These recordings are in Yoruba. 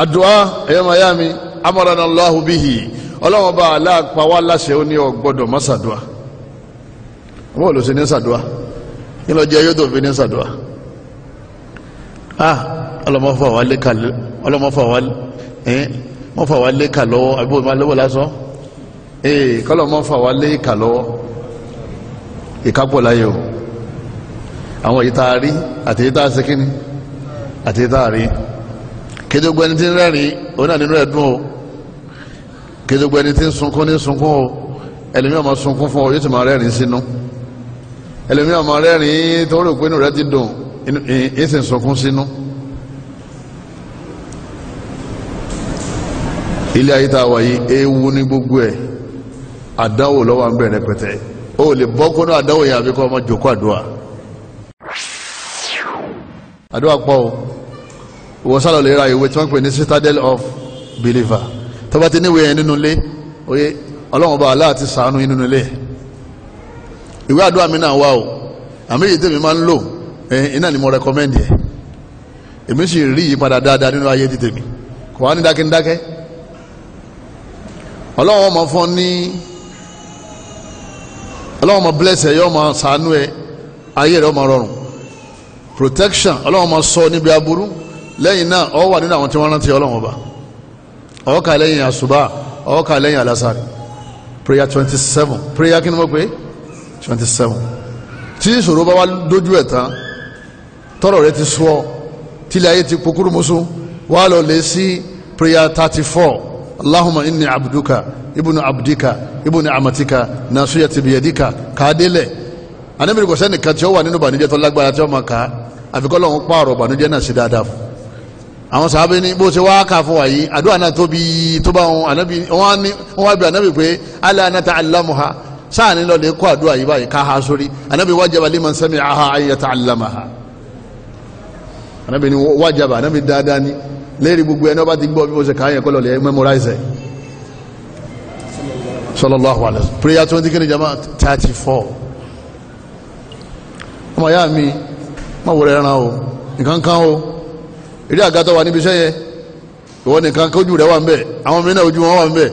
àdúà ẹ̀yọ́ mayami amarana Allahu bihi ọlọ́wọ́n bá aláàpá wa láṣẹ ó ní ọ gbọ́dọ̀ má ṣàdúà wọ́n ò lọ sí ní ṣàdúà kí lọ jẹ́ yóò tó fi ní ṣàdúà ah ọlọ́mọ́fà wa lé kalẹ̀ ọlọ́mọ́fà wa ẹ̀ mọ́fà wa lé kalọ́ àbí wọ́n máa lówó lásán ee eh, kọ́lọ̀ mọ́fà wa lé kalọ́ ìkápọ̀ láyé o àwọn ìtaari àti ìtaari sekínì àti ìtaari kéde gbogbo ẹni tí ń rẹ́rìn òun náà nínú ẹ̀dùn o kéde gbogbo ẹni tí ń sunkún ní sunkún o ẹlòmíràn máa sunkún fún ọ yóò ti máa rẹ́rìn sínú ẹlòmíràn máa rẹ́rìn tó rò pé inú rẹ ti dùn ẹ sì ń sunkún sínú. ilé ayé tá a wà yìí ewu ní gbogbo ẹ̀ àdáwò lọ́wọ́ à bẹ̀rẹ̀ pẹ̀tẹ́ o lè bọ́ kóná àdáwò yẹn àbíkọ́ ọmọ jòkó àdúrà àdúrà pọ̀ o. ìwọ lè ra ìwé tí pè ní citadel of believer tó ti níwé nínú ilé oyè ọlọ́run ọba aláà ti Iwe nínú ilé ìwé àdúrà mi náà wà o àmì tèmi máa ń lò iná ni mo rẹkọmẹ́ndì ẹ̀ èmi sì rí ìyípadà dáadáa nínú ayé ti mi kò wá ní dákẹ́ndákẹ́ ọlọ́run ọmọ fún ní ọlọ́run ọmọ bless ẹ yọ ọmọ sàánú ẹ ayé rẹ ọmọ rọrùn lẹ́yìn náà ọ wà nínú àwọn tí wọ́n rántí ọlọ́run ọba ọ kà lẹ́yìn àṣùbà ọ kà lẹ́yìn alásàrì prayer twenty seven prayer kí ni mo pè twenty seven tí ìṣòro bá wá dójú ẹ̀ tán tọrọ rẹ ti sọ tílẹ̀ ayé ti pokuru musu wà lọ lè sí prayer thirty four allahumma inni abduka ibunu abdika ibunu amatika nasuya biyadika kaadele anamiri kò sẹ́nìkan tí ó wà nínú bànújẹ́ tó lágbára tí ó máa kà á àfikọ́ lọ́hún pààrọ̀ bànújẹ́ náà sí dáadáa fún àwọn sàábé ní bó ṣe wá kà fún wa yìí àdúrà náà tóbi tó bá wọn ànábì wọn wá bí ànábì pé ala nata'allamuha sáà ní lọ́lẹ̀ kó àdúrà yìí báyìí ká ha sórí ànábì wájaba liman sami'aha an yata'allamaha ànábì ní wájaba ànábì dáadáa ní lérí gbogbo ẹni ọba ti gbọ́ bí bó ṣe káyẹ̀ kọ́ lọ́lẹ̀ memorize sallallahu alaihi prayer twenty kini jama thirty four ọmọ ya mi má wọlé ẹran o nǹkan o eré àga tó wà níbi iṣẹ́ yẹn ìwọ nìkan kójú rẹ wà ń bẹ àwọn mìíràn ojú wọn wà ń bẹ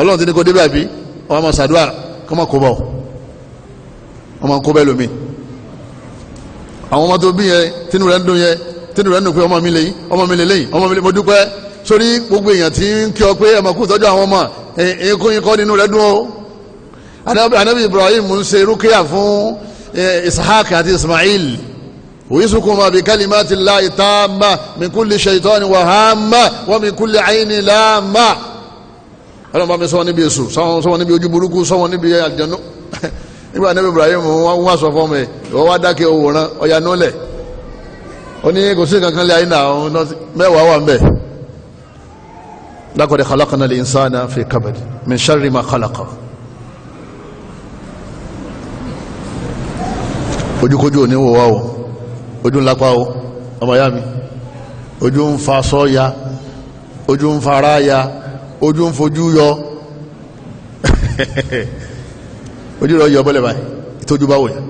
ọlọ́run ti ní kó débi àbí wọn máa ṣàdúrà kọ́ kó bọ̀ wọn kó bẹ́ẹ̀ lómi gbogbo èèyàn tí ń kí ọ pé kú tọ́jú àwọn ọmọ o anabi Ibrahim ń fún àti Ismail ويسكم بكلمات الله تامة من كل شيطان وهامة ومن كل عين لامة ọlọ́run bá mi sọ wọn níbi èso sọ wọn níbi ojú burúkú sọ wọn níbi àjẹnú nígbà níbi Ibrahim wọn wá sọ fún mi ìwọ wá dákẹ́ òwòrán ọ̀yà nulẹ̀ ó ní kò sí kankan lé ayé náà mẹ́wàá wà ń bẹ̀. لقد خلقنا الإنسان في كبد من شر ما خلق ojúkojú ò ní wò wá o ojú ń lápá o ọmọ ìyá mi ojú ń fa sọ ya ojú ń fara ya ojú ń fojú yọ ojú rẹ yọ bọ́lẹ̀ báyìí ìtọ́jú bá wò yẹn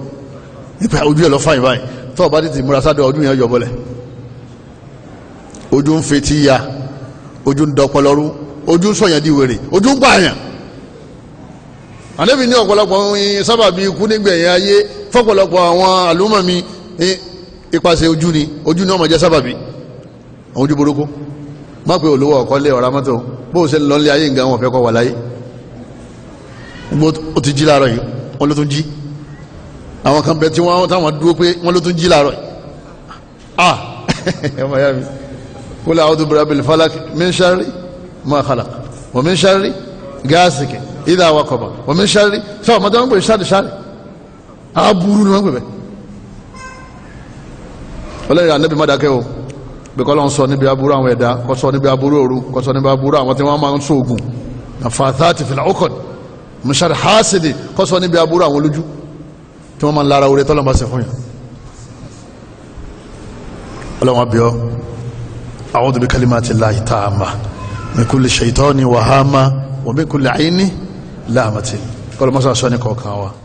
nípa ojú ẹ̀ lọ fáyìn báyìí tọ́ọ̀ bá tètè múra sádọ̀ ojú yẹn yọ bọ́lẹ̀ ojú ń fetí ya ojú ń dọpọ lọ́rú ojú ń sọ̀yàn di ojú ń pààyàn àlébi ní ọ̀pọ̀lọpọ̀ sábàbí ikú nígbẹ̀yìn ayé fọ́pọ̀lọpọ̀ àwọn àlùmọ̀ mi ipasẹ̀ ojú ni ojú ni ọmọ jẹ́ sábàbí àwọn ojú burúkú má pé olówó ọ̀kọ́lé ọ̀rá mọ́tò bó o ṣe lọ lé ayé nǹkan wọn fẹ́ kọ́ wà láyé ó ti jí láàárọ̀ yìí wọ́n ló tún jí àwọn kan bẹ tí wọ́n táwọn dúró pé wọ́n ló tún jí láàárọ̀ yìí ah ọmọ ya mi kúlẹ̀ àwọn tó bẹ̀rẹ̀ bẹ̀rẹ̀ falak min sharri ma khalaq wa min sharri ghasikin idha waqaba wa min sọ ọmọdé wọn pè ọlẹ́yìn ànẹ́bí má dákẹ́ o bíkọ́ lọ́n sọ níbi aburú àwọn ẹ̀dá kọ́ sọ níbi aburú òru kọ́ sọ níbi aburú àwọn tí wọ́n máa ń sọ ògùn àfàtà ti fìlà ọkọ̀ mùsàlẹ̀ hásìdì kọ́ sọ níbi aburú àwọn olójú tí wọ́n máa ń lara orí tọ́lọ́mà ṣe fún yàn ọlọ́wọ́n bíọ́ a'udhu bi kalimatillahi taama min kulli shaytani wàhámà wa min kulli aini láàmàtì kọ́lọ́mọ́sà sọ ní kọ̀ọ̀kan wa